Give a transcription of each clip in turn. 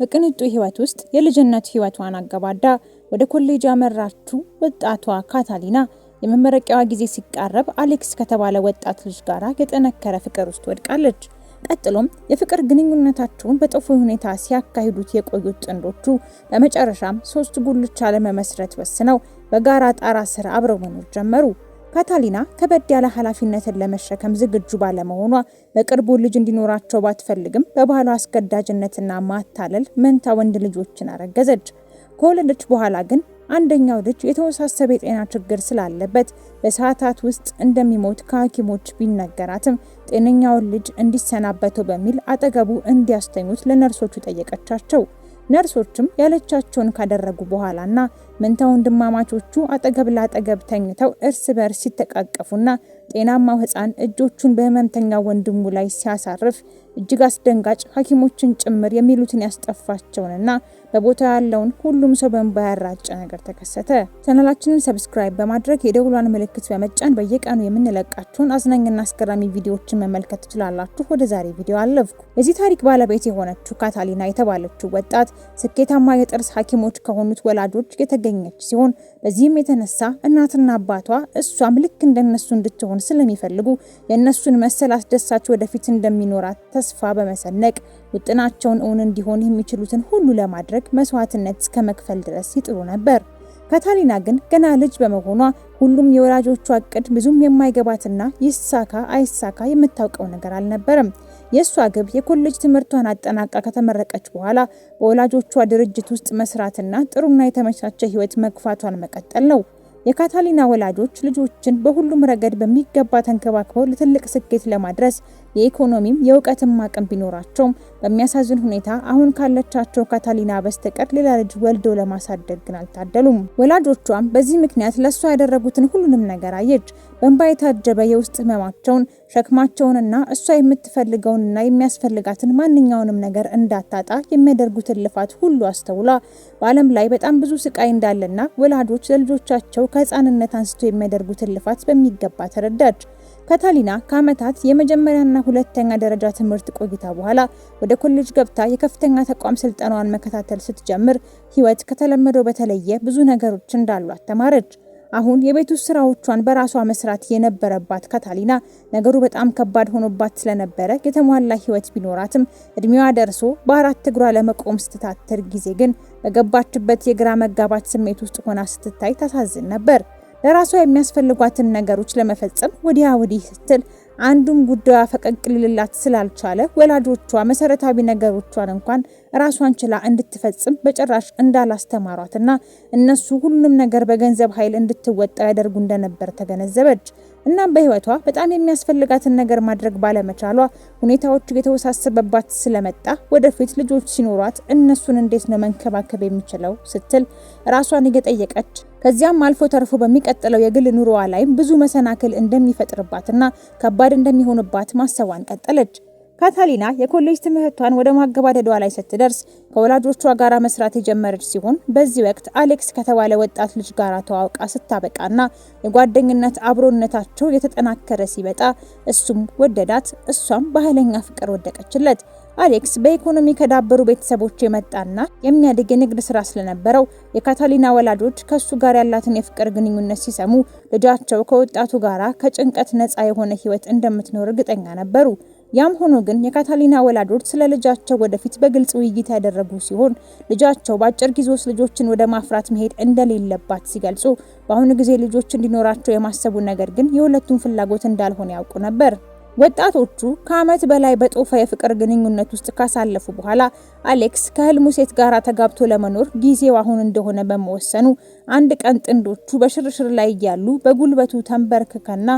በቅንጡ ህይወት ውስጥ የልጅነት ህይወቷን አገባዳ ወደ ኮሌጅ ያመራችው ወጣቷ ካታሊና የመመረቂያዋ ጊዜ ሲቃረብ አሌክስ ከተባለ ወጣት ልጅ ጋር የጠነከረ ፍቅር ውስጥ ወድቃለች። ቀጥሎም የፍቅር ግንኙነታቸውን በጥፎ ሁኔታ ሲያካሂዱት የቆዩት ጥንዶቹ በመጨረሻም ሶስት ጉልቻ ለመመስረት ወስነው በጋራ ጣራ ስር አብረው መኖር ጀመሩ። ካታሊና ከበድ ያለ ኃላፊነትን ለመሸከም ዝግጁ ባለመሆኗ በቅርቡ ልጅ እንዲኖራቸው ባትፈልግም በባህሏ አስገዳጅነትና ማታለል መንታ ወንድ ልጆችን አረገዘች። ከወለደች በኋላ ግን አንደኛው ልጅ የተወሳሰበ የጤና ችግር ስላለበት በሰዓታት ውስጥ እንደሚሞት ከሐኪሞች ቢነገራትም ጤነኛውን ልጅ እንዲሰናበተው በሚል አጠገቡ እንዲያስተኙት ለነርሶቹ ጠየቀቻቸው። ነርሶችም ያለቻቸውን ካደረጉ በኋላና መንታ ወንድማማቾቹ አጠገብ ላጠገብ ተኝተው እርስ በርስ ሲተቃቀፉና ጤናማው ህፃን እጆቹን በህመምተኛ ወንድሙ ላይ ሲያሳርፍ እጅግ አስደንጋጭ ሐኪሞችን ጭምር የሚሉትን ያስጠፋቸውንና በቦታ ያለውን ሁሉም ሰው በእንባ ያራጨ ነገር ተከሰተ። ቻናላችንን ሰብስክራይብ በማድረግ የደውሏን ምልክት በመጫን በየቀኑ የምንለቃቸውን አዝናኝና አስገራሚ ቪዲዮዎችን መመልከት ትችላላችሁ። ወደ ዛሬ ቪዲዮ አለፍኩ። የዚህ ታሪክ ባለቤት የሆነችው ካታሊና የተባለችው ወጣት ስኬታማ የጥርስ ሐኪሞች ከሆኑት ወላጆች የተገኘች ሲሆን በዚህም የተነሳ እናትና አባቷ እሷም ልክ እንደነሱ እንድትሆን ስለሚፈልጉ የእነሱን መሰል አስደሳች ወደፊት እንደሚኖራት ተስፋ በመሰነቅ ውጥናቸውን እውን እንዲሆን የሚችሉትን ሁሉ ለማድረግ መስዋዕትነት እስከ መክፈል ድረስ ይጥሩ ነበር። ካታሊና ግን ገና ልጅ በመሆኗ ሁሉም የወላጆቿ እቅድ ብዙም የማይገባትና ይሳካ አይሳካ የምታውቀው ነገር አልነበረም። የእሷ ግብ የኮሌጅ ትምህርቷን አጠናቃ ከተመረቀች በኋላ በወላጆቿ ድርጅት ውስጥ መስራትና ጥሩና የተመቻቸ ሕይወት መግፋቷን መቀጠል ነው። የካታሊና ወላጆች ልጆችን በሁሉም ረገድ በሚገባ ተንከባክበው ለትልቅ ስኬት ለማድረስ የኢኮኖሚም የእውቀትም አቅም ቢኖራቸውም በሚያሳዝን ሁኔታ አሁን ካለቻቸው ካታሊና በስተቀር ሌላ ልጅ ወልደው ለማሳደግ ግን አልታደሉም። ወላጆቿም በዚህ ምክንያት ለእሷ ያደረጉትን ሁሉንም ነገር አየች። በእንባ የታጀበ የውስጥ ህመማቸውን፣ ሸክማቸውንና እሷ የምትፈልገውንና የሚያስፈልጋትን ማንኛውንም ነገር እንዳታጣ የሚያደርጉትን ልፋት ሁሉ አስተውላ በዓለም ላይ በጣም ብዙ ስቃይ እንዳለና ወላጆች ለልጆቻቸው ከህፃንነት አንስቶ የሚያደርጉትን ልፋት በሚገባ ተረዳች። ካታሊና ከዓመታት የመጀመሪያና ሁለተኛ ደረጃ ትምህርት ቆይታ በኋላ ወደ ኮሌጅ ገብታ የከፍተኛ ተቋም ስልጠናዋን መከታተል ስትጀምር ህይወት ከተለመደው በተለየ ብዙ ነገሮች እንዳሏት ተማረች። አሁን የቤት ውስጥ ስራዎቿን በራሷ መስራት የነበረባት ካታሊና ነገሩ በጣም ከባድ ሆኖባት ስለነበረ የተሟላ ህይወት ቢኖራትም እድሜዋ ደርሶ በአራት እግሯ ለመቆም ስትታትር ጊዜ ግን በገባችበት የግራ መጋባት ስሜት ውስጥ ሆና ስትታይ ታሳዝን ነበር። ለራሷ የሚያስፈልጓትን ነገሮች ለመፈጸም ወዲያ ወዲህ ስትል አንዱም ጉዳዩ ፈቀቅ ስላልቻለ ወላጆቿ መሰረታዊ ነገሮቿን እንኳን ራሷን ችላ እንድትፈጽም በጭራሽ እንዳላስተማሯትና እነሱ ሁሉንም ነገር በገንዘብ ኃይል እንድትወጣ ያደርጉ እንደነበር ተገነዘበች። እናም በህይወቷ በጣም የሚያስፈልጋትን ነገር ማድረግ ባለመቻሏ ሁኔታዎች እየተወሳሰበባት ስለመጣ ወደፊት ልጆች ሲኖሯት እነሱን እንዴት ነው መንከባከብ የሚችለው ስትል ራሷን እየጠየቀች ከዚያም አልፎ ተርፎ በሚቀጥለው የግል ኑሮዋ ላይም ብዙ መሰናክል እንደሚፈጥርባትና ከባድ እንደሚሆንባት ማሰቧን ቀጠለች። ካታሊና የኮሌጅ ትምህርቷን ወደ ማገባደዷ ላይ ስትደርስ ከወላጆቿ ጋር መስራት የጀመረች ሲሆን በዚህ ወቅት አሌክስ ከተባለ ወጣት ልጅ ጋር ተዋውቃ ስታበቃና የጓደኝነት አብሮነታቸው የተጠናከረ ሲመጣ እሱም ወደዳት፣ እሷም ባህለኛ ፍቅር ወደቀችለት። አሌክስ በኢኮኖሚ ከዳበሩ ቤተሰቦች የመጣና የሚያድግ የንግድ ስራ ስለነበረው የካታሊና ወላጆች ከእሱ ጋር ያላትን የፍቅር ግንኙነት ሲሰሙ ልጃቸው ከወጣቱ ጋራ ከጭንቀት ነፃ የሆነ ህይወት እንደምትኖር እርግጠኛ ነበሩ። ያም ሆኖ ግን የካታሊና ወላጆች ስለ ልጃቸው ወደፊት በግልጽ ውይይት ያደረጉ ሲሆን ልጃቸው በአጭር ጊዜ ውስጥ ልጆችን ወደ ማፍራት መሄድ እንደሌለባት ሲገልጹ፣ በአሁኑ ጊዜ ልጆች እንዲኖራቸው የማሰቡ ነገር ግን የሁለቱም ፍላጎት እንዳልሆነ ያውቁ ነበር። ወጣቶቹ ከዓመት በላይ በጦፈ የፍቅር ግንኙነት ውስጥ ካሳለፉ በኋላ አሌክስ ከህልሙ ሴት ጋር ተጋብቶ ለመኖር ጊዜው አሁን እንደሆነ በመወሰኑ አንድ ቀን ጥንዶቹ በሽርሽር ላይ እያሉ በጉልበቱ ተንበርክከና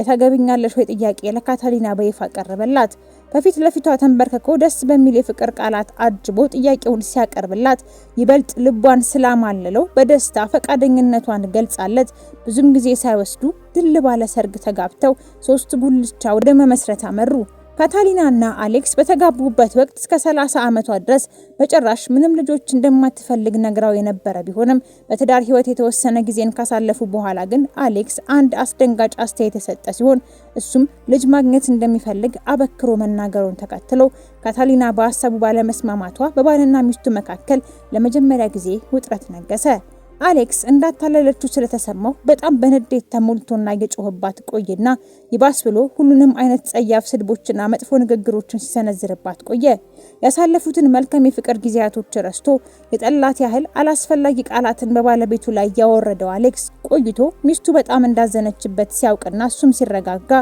የተገብኛለሽ ወይ ጥያቄ ለካታሊና በይፋ ቀረበላት። ከፊት ለፊቷ ተንበርክኮ ደስ በሚል የፍቅር ቃላት አጅቦ ጥያቄውን ሲያቀርብላት ይበልጥ ልቧን ስላማለለው በደስታ ፈቃደኝነቷን ገልጻለት ብዙም ጊዜ ሳይወስዱ ድል ባለ ሰርግ ተጋብተው ሶስት ጉልቻ ወደ መመስረት አመሩ። ካታሊናና አሌክስ በተጋቡበት ወቅት እስከ 30 ዓመቷ ድረስ በጭራሽ ምንም ልጆች እንደማትፈልግ ነግራው የነበረ ቢሆንም በትዳር ህይወት የተወሰነ ጊዜን ካሳለፉ በኋላ ግን አሌክስ አንድ አስደንጋጭ አስተያየት የሰጠ ሲሆን እሱም ልጅ ማግኘት እንደሚፈልግ አበክሮ መናገሩን ተከትሎ ካታሊና በሀሳቡ ባለመስማማቷ በባልና ሚስቱ መካከል ለመጀመሪያ ጊዜ ውጥረት ነገሰ። አሌክስ እንዳታለለችው ስለተሰማው በጣም በንዴት ተሞልቶና የጮህባት ቆየና ይባስ ብሎ ሁሉንም አይነት ጸያፍ ስድቦችና መጥፎ ንግግሮችን ሲሰነዝርባት ቆየ። ያሳለፉትን መልካም የፍቅር ጊዜያቶች ረስቶ የጠላት ያህል አላስፈላጊ ቃላትን በባለቤቱ ላይ ያወረደው አሌክስ ቆይቶ ሚስቱ በጣም እንዳዘነችበት ሲያውቅና እሱም ሲረጋጋ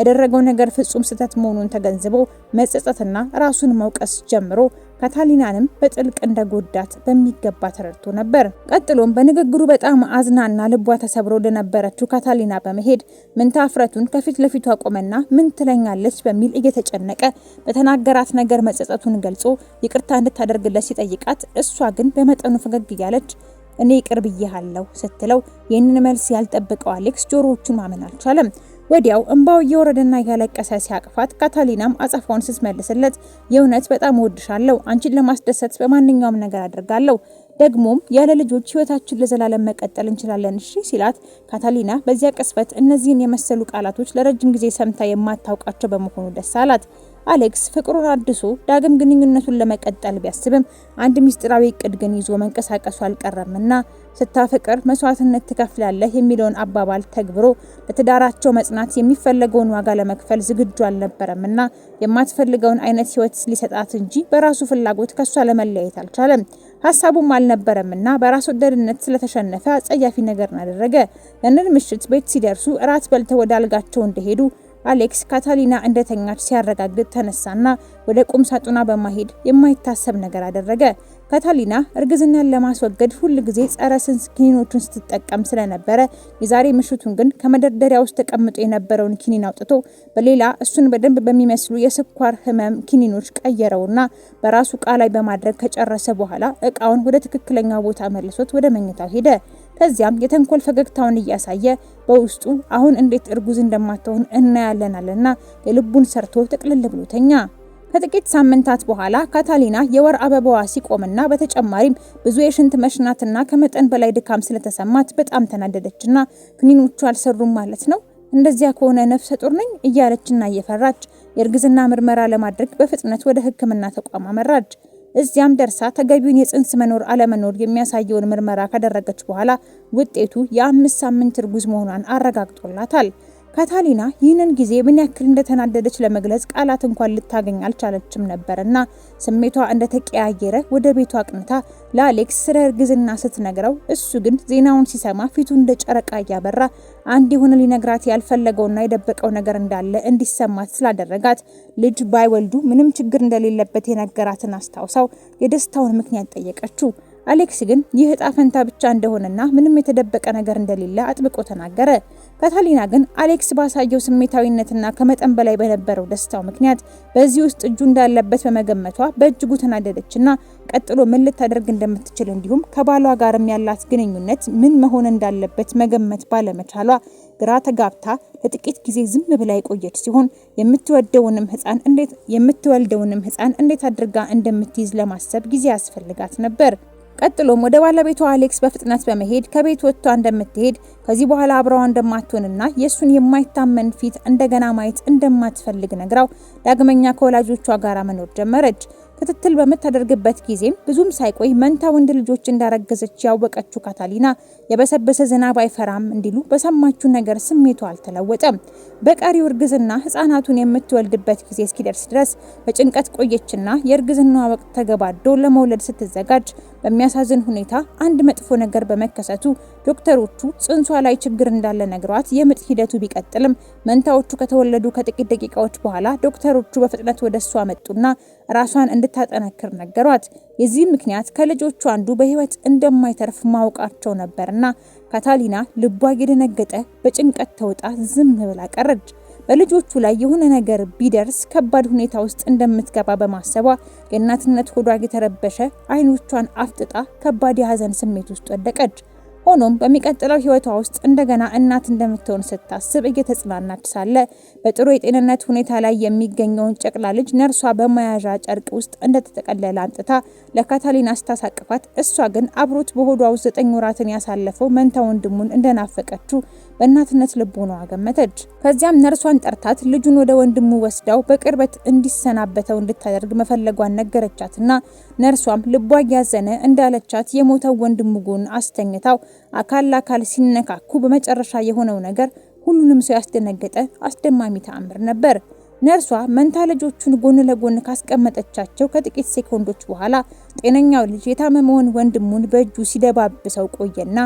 ያደረገው ነገር ፍጹም ስህተት መሆኑን ተገንዝቦ መጸጸትና ራሱን መውቀስ ጀምሮ ካታሊናንም በጥልቅ እንደጎዳት በሚገባ ተረድቶ ነበር። ቀጥሎም በንግግሩ በጣም አዝናና ልቧ ተሰብሮ ለነበረችው ካታሊና በመሄድ ምንታ እፍረቱን ከፊት ለፊቱ አቆመና ምን ትለኛለች በሚል እየተጨነቀ በተናገራት ነገር መጸጸቱን ገልጾ ይቅርታ እንድታደርግለት ሲጠይቃት እሷ ግን በመጠኑ ፈገግ እያለች እኔ ይቅር ብዬሃለሁ ስትለው ይህንን መልስ ያልጠበቀው አሌክስ ጆሮዎቹን ማመን አልቻለም። ወዲያው እንባው እየወረደና እያለቀሰ ሲያቅፋት ካታሊናም አጸፋውን ስትመልስለት የእውነት በጣም እወድሻለሁ፣ አንቺን ለማስደሰት በማንኛውም ነገር አድርጋለሁ፣ ደግሞም ያለ ልጆች ህይወታችን ለዘላለም መቀጠል እንችላለን እሺ ሲላት ካታሊና በዚያ ቅስፈት እነዚህን የመሰሉ ቃላቶች ለረጅም ጊዜ ሰምታ የማታውቃቸው በመሆኑ ደስ አላት። አሌክስ ፍቅሩን አድሶ ዳግም ግንኙነቱን ለመቀጠል ቢያስብም አንድ ምስጢራዊ እቅድ ግን ይዞ መንቀሳቀሱ አልቀረምና ስታፈቅር መስዋዕትነት ትከፍላለህ የሚለውን አባባል ተግብሮ ለትዳራቸው መጽናት የሚፈለገውን ዋጋ ለመክፈል ዝግጁ አልነበረምና የማትፈልገውን አይነት ህይወት ሊሰጣት እንጂ በራሱ ፍላጎት ከሷ ለመለያየት አልቻለም። ሀሳቡም አልነበረምና በራስ ወደድነት ስለተሸነፈ አጸያፊ ነገርን አደረገ። ያንን ምሽት ቤት ሲደርሱ እራት በልተው ወደ አልጋቸው እንደሄዱ አሌክስ ካታሊና እንደተኛች ሲያረጋግጥ ተነሳና ወደ ቁም ሳጥኗ በማሄድ የማይታሰብ ነገር አደረገ። ካታሊና እርግዝናን ለማስወገድ ሁል ጊዜ ጸረ ፅንስ ኪኒኖቹን ስትጠቀም ስለነበረ የዛሬ ምሽቱን ግን ከመደርደሪያ ውስጥ ተቀምጦ የነበረውን ኪኒን አውጥቶ በሌላ እሱን በደንብ በሚመስሉ የስኳር ህመም ኪኒኖች ቀየረውና በራሱ እቃ ላይ በማድረግ ከጨረሰ በኋላ እቃውን ወደ ትክክለኛው ቦታ መልሶት ወደ መኝታው ሄደ። ከዚያም የተንኮል ፈገግታውን እያሳየ በውስጡ አሁን እንዴት እርጉዝ እንደማትሆን እናያለናልና የልቡን ሰርቶ ጥቅልል ብሎ ተኛ። ከጥቂት ሳምንታት በኋላ ካታሊና የወር አበባዋ ሲቆምና በተጨማሪም ብዙ የሽንት መሽናትና ከመጠን በላይ ድካም ስለተሰማት በጣም ተናደደችና ክኒኖቹ አልሰሩም ማለት ነው፣ እንደዚያ ከሆነ ነፍሰ ጡር ነኝ እያለችና እየፈራች የእርግዝና ምርመራ ለማድረግ በፍጥነት ወደ ሕክምና ተቋም አመራች። እዚያም ደርሳ ተገቢውን የጽንስ መኖር አለመኖር የሚያሳየውን ምርመራ ካደረገች በኋላ ውጤቱ የአምስት ሳምንት እርጉዝ መሆኗን አረጋግጦላታል። ካታሊና ይህንን ጊዜ ምን ያክል እንደተናደደች ለመግለጽ ቃላት እንኳን ልታገኝ አልቻለችም ነበርና ስሜቷ እንደተቀያየረ ወደ ቤቷ አቅንታ ለአሌክስ ስለ እርግዝና ስትነግረው እሱ ግን ዜናውን ሲሰማ ፊቱ እንደ ጨረቃ እያበራ አንድ የሆነ ሊነግራት ያልፈለገውና የደበቀው ነገር እንዳለ እንዲሰማት ስላደረጋት ልጅ ባይወልዱ ምንም ችግር እንደሌለበት የነገራትን አስታውሳው የደስታውን ምክንያት ጠየቀችው። አሌክስ ግን ይህ እጣ ፈንታ ብቻ እንደሆነና ምንም የተደበቀ ነገር እንደሌለ አጥብቆ ተናገረ። ካታሊና ግን አሌክስ ባሳየው ስሜታዊነትና ከመጠን በላይ በነበረው ደስታው ምክንያት በዚህ ውስጥ እጁ እንዳለበት በመገመቷ በእጅጉ ተናደደችና ቀጥሎ ምን ልታደርግ እንደምትችል እንዲሁም ከባሏ ጋርም ያላት ግንኙነት ምን መሆን እንዳለበት መገመት ባለመቻሏ ግራ ተጋብታ ለጥቂት ጊዜ ዝም ብላ የቆየች ሲሆን የምትወደውንም ህፃን እንዴት የምትወልደውንም ህፃን እንዴት አድርጋ እንደምትይዝ ለማሰብ ጊዜ ያስፈልጋት ነበር። ቀጥሎም ወደ ባለቤቷ አሌክስ በፍጥነት በመሄድ ከቤት ወጥቷ እንደምትሄድ ከዚህ በኋላ አብረዋ እንደማትሆንና የእሱን የማይታመን ፊት እንደገና ማየት እንደማትፈልግ ነግራው ዳግመኛ ከወላጆቿ ጋር መኖር ጀመረች። ክትትል በምታደርግበት ጊዜም ብዙም ሳይቆይ መንታ ወንድ ልጆች እንዳረገዘች ያወቀችው ካታሊና የበሰበሰ ዝናብ አይፈራም እንዲሉ በሰማችው ነገር ስሜቷ አልተለወጠም። በቀሪው እርግዝና ህፃናቱን የምትወልድበት ጊዜ እስኪደርስ ድረስ በጭንቀት ቆየችና የእርግዝና ወቅት ተገባዶ ለመውለድ ስትዘጋጅ በሚያሳዝን ሁኔታ አንድ መጥፎ ነገር በመከሰቱ ዶክተሮቹ ጽንሷ ላይ ችግር እንዳለ ነግሯት የምጥ ሂደቱ ቢቀጥልም መንታዎቹ ከተወለዱ ከጥቂት ደቂቃዎች በኋላ ዶክተሮቹ በፍጥነት ወደ እሷ መጡና ራሷን እንድታጠነክር ነገሯት። የዚህ ምክንያት ከልጆቹ አንዱ በህይወት እንደማይተርፍ ማወቃቸው ነበርና ካታሊና ልቧ የደነገጠ በጭንቀት ተውጣ ዝም ብላ ቀረች። በልጆቹ ላይ የሆነ ነገር ቢደርስ ከባድ ሁኔታ ውስጥ እንደምትገባ በማሰቧ የእናትነት ሆዷ የተረበሸ አይኖቿን አፍጥጣ ከባድ የሀዘን ስሜት ውስጥ ወደቀች። ሆኖም በሚቀጥለው ህይወቷ ውስጥ እንደገና እናት እንደምትሆን ስታስብ እየተጽናናች ሳለ በጥሩ የጤንነት ሁኔታ ላይ የሚገኘውን ጨቅላ ልጅ ነርሷ በመያዣ ጨርቅ ውስጥ እንደተጠቀለለ አንጥታ ለካታሊና ስታሳቅፋት፣ እሷ ግን አብሮት በሆዷ ውስጥ ዘጠኝ ወራትን ያሳለፈው መንታ ወንድሙን እንደናፈቀችው በእናትነት ልቦናዋ ገመተች። ከዚያም ነርሷን ጠርታት ልጁን ወደ ወንድሙ ወስዳው በቅርበት እንዲሰናበተው እንድታደርግ መፈለጓን ነገረቻትና ነርሷም ልቧ እያዘነ እንዳለቻት የሞተው ወንድሙ ጎን አስተኝታው አካል ለአካል ሲነካኩ በመጨረሻ የሆነው ነገር ሁሉንም ሰው ያስደነገጠ አስደማሚ ተአምር ነበር። ነርሷ መንታ ልጆቹን ጎን ለጎን ካስቀመጠቻቸው ከጥቂት ሴኮንዶች በኋላ ጤነኛው ልጅ የታመመውን ወንድሙን በእጁ ሲደባብሰው ቆየና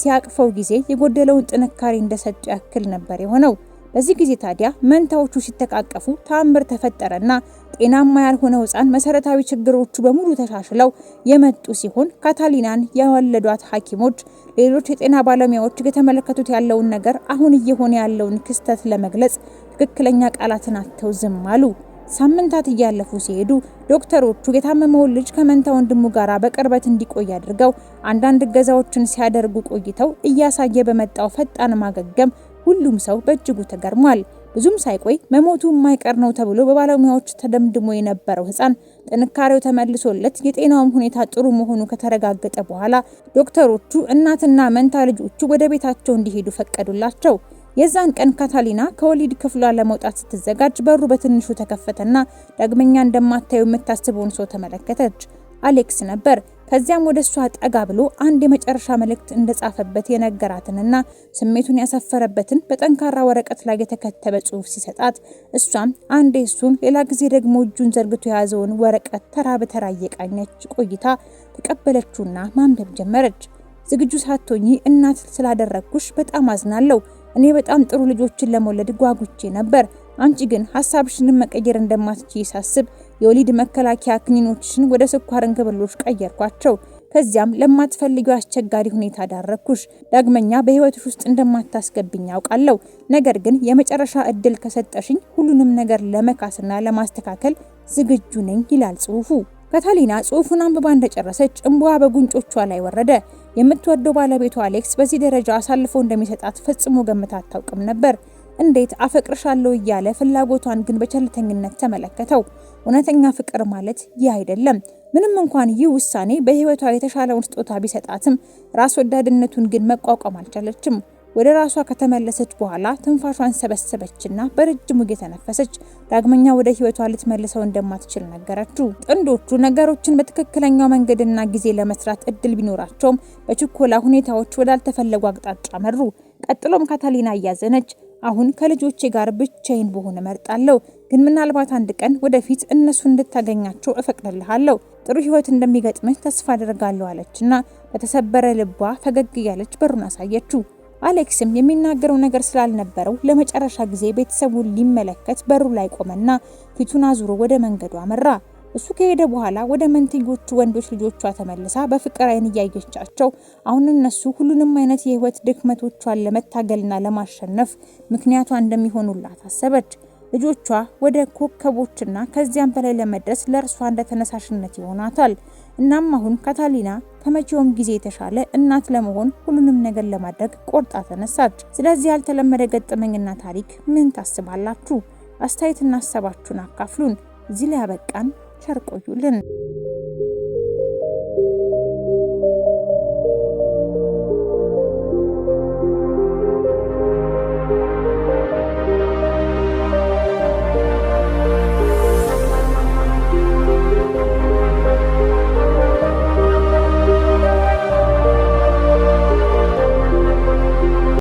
ሲያቅፈው ጊዜ የጎደለውን ጥንካሬ እንደሰጡ ያክል ነበር የሆነው። በዚህ ጊዜ ታዲያ መንታዎቹ ሲተቃቀፉ ተአምር ተፈጠረና ጤናማ ያልሆነው ህፃን መሰረታዊ ችግሮቹ በሙሉ ተሻሽለው የመጡ ሲሆን ካታሊናን የወለዷት ሐኪሞች፣ ሌሎች የጤና ባለሙያዎች እየተመለከቱት ያለውን ነገር አሁን እየሆነ ያለውን ክስተት ለመግለጽ ትክክለኛ ቃላትን አጥተው ዝም አሉ። ሳምንታት እያለፉ ሲሄዱ ዶክተሮቹ የታመመውን ልጅ ከመንታ ወንድሙ ጋር በቅርበት እንዲቆይ አድርገው አንዳንድ እገዛዎችን ሲያደርጉ ቆይተው እያሳየ በመጣው ፈጣን ማገገም ሁሉም ሰው በእጅጉ ተገርሟል። ብዙም ሳይቆይ መሞቱ የማይቀር ነው ተብሎ በባለሙያዎች ተደምድሞ የነበረው ሕፃን ጥንካሬው ተመልሶለት የጤናውም ሁኔታ ጥሩ መሆኑ ከተረጋገጠ በኋላ ዶክተሮቹ እናትና መንታ ልጆቹ ወደ ቤታቸው እንዲሄዱ ፈቀዱላቸው። የዛን ቀን ካታሊና ከወሊድ ክፍሏ ለመውጣት ስትዘጋጅ በሩ በትንሹ ተከፈተና ዳግመኛ እንደማታየው የምታስበውን ሰው ተመለከተች። አሌክስ ነበር። ከዚያም ወደ እሷ ጠጋ ብሎ አንድ የመጨረሻ መልእክት እንደጻፈበት የነገራትንና ስሜቱን ያሰፈረበትን በጠንካራ ወረቀት ላይ የተከተበ ጽሑፍ ሲሰጣት እሷም አንዴ እሱን ሌላ ጊዜ ደግሞ እጁን ዘርግቶ የያዘውን ወረቀት ተራ በተራ እየቃኘች ቆይታ ተቀበለችውና ማንበብ ጀመረች። ዝግጁ ሳትሆኚ እናት ስላደረግኩሽ በጣም አዝናለሁ እኔ በጣም ጥሩ ልጆችን ለመውለድ ጓጉቼ ነበር። አንቺ ግን ሀሳብሽንም መቀየር እንደማትችይ ሳስብ የወሊድ መከላከያ ክኒኖችሽን ወደ ስኳር እንክብሎች ቀየርኳቸው። ከዚያም ለማትፈልጊው አስቸጋሪ ሁኔታ ዳረኩሽ። ዳግመኛ በህይወትሽ ውስጥ እንደማታስገብኝ አውቃለሁ። ነገር ግን የመጨረሻ እድል ከሰጠሽኝ ሁሉንም ነገር ለመካስና ለማስተካከል ዝግጁ ነኝ ይላል ጽሁፉ። ካታሊና ጽሁፉን አንብባ እንደጨረሰች እንባዋ በጉንጮቿ ላይ ወረደ። የምትወደው ባለቤቱ አሌክስ በዚህ ደረጃ አሳልፎ እንደሚሰጣት ፈጽሞ ገምታ አታውቅም ነበር። እንዴት አፈቅርሻለሁ እያለ ፍላጎቷን ግን በቸልተኝነት ተመለከተው። እውነተኛ ፍቅር ማለት ይህ አይደለም። ምንም እንኳን ይህ ውሳኔ በህይወቷ የተሻለውን ስጦታ ቢሰጣትም ራስ ወዳድነቱን ግን መቋቋም አልቻለችም። ወደ ራሷ ከተመለሰች በኋላ ትንፋሿን ሰበሰበችና በረጅሙ እየተነፈሰች ዳግመኛ ወደ ህይወቷ ልትመልሰው እንደማትችል ነገረችው። ጥንዶቹ ነገሮችን በትክክለኛው መንገድና ጊዜ ለመስራት እድል ቢኖራቸውም በችኮላ ሁኔታዎች ወዳልተፈለጉ አቅጣጫ መሩ። ቀጥሎም ካታሊና እያዘነች አሁን ከልጆቼ ጋር ብቻዬን በሆነ መርጣለሁ፣ ግን ምናልባት አንድ ቀን ወደፊት እነሱ እንድታገኛቸው እፈቅድልሃለሁ ጥሩ ህይወት እንደሚገጥምህ ተስፋ አደርጋለሁ አለችና በተሰበረ ልቧ ፈገግ እያለች በሩን አሳየችው። አሌክስም የሚናገረው ነገር ስላልነበረው ለመጨረሻ ጊዜ ቤተሰቡን ሊመለከት በሩ ላይ ቆመና ፊቱን አዙሮ ወደ መንገዱ አመራ። እሱ ከሄደ በኋላ ወደ መንትዮቹ ወንዶች ልጆቿ ተመልሳ በፍቅር አይን እያየቻቸው አሁን እነሱ ሁሉንም አይነት የህይወት ድክመቶቿን ለመታገልና ለማሸነፍ ምክንያቷ እንደሚሆኑላት አሰበች። ልጆቿ ወደ ኮከቦችና ከዚያም በላይ ለመድረስ ለእርሷ እንደ ተነሳሽነት ይሆናታል። እናም አሁን ካታሊና ከመቼውም ጊዜ የተሻለ እናት ለመሆን ሁሉንም ነገር ለማድረግ ቆርጣ ተነሳች። ስለዚህ ያልተለመደ ገጠመኝና ታሪክ ምን ታስባላችሁ? አስተያየትና ሀሳባችሁን አካፍሉን። እዚህ ላይ ያበቃን። ቸር ቆዩልን።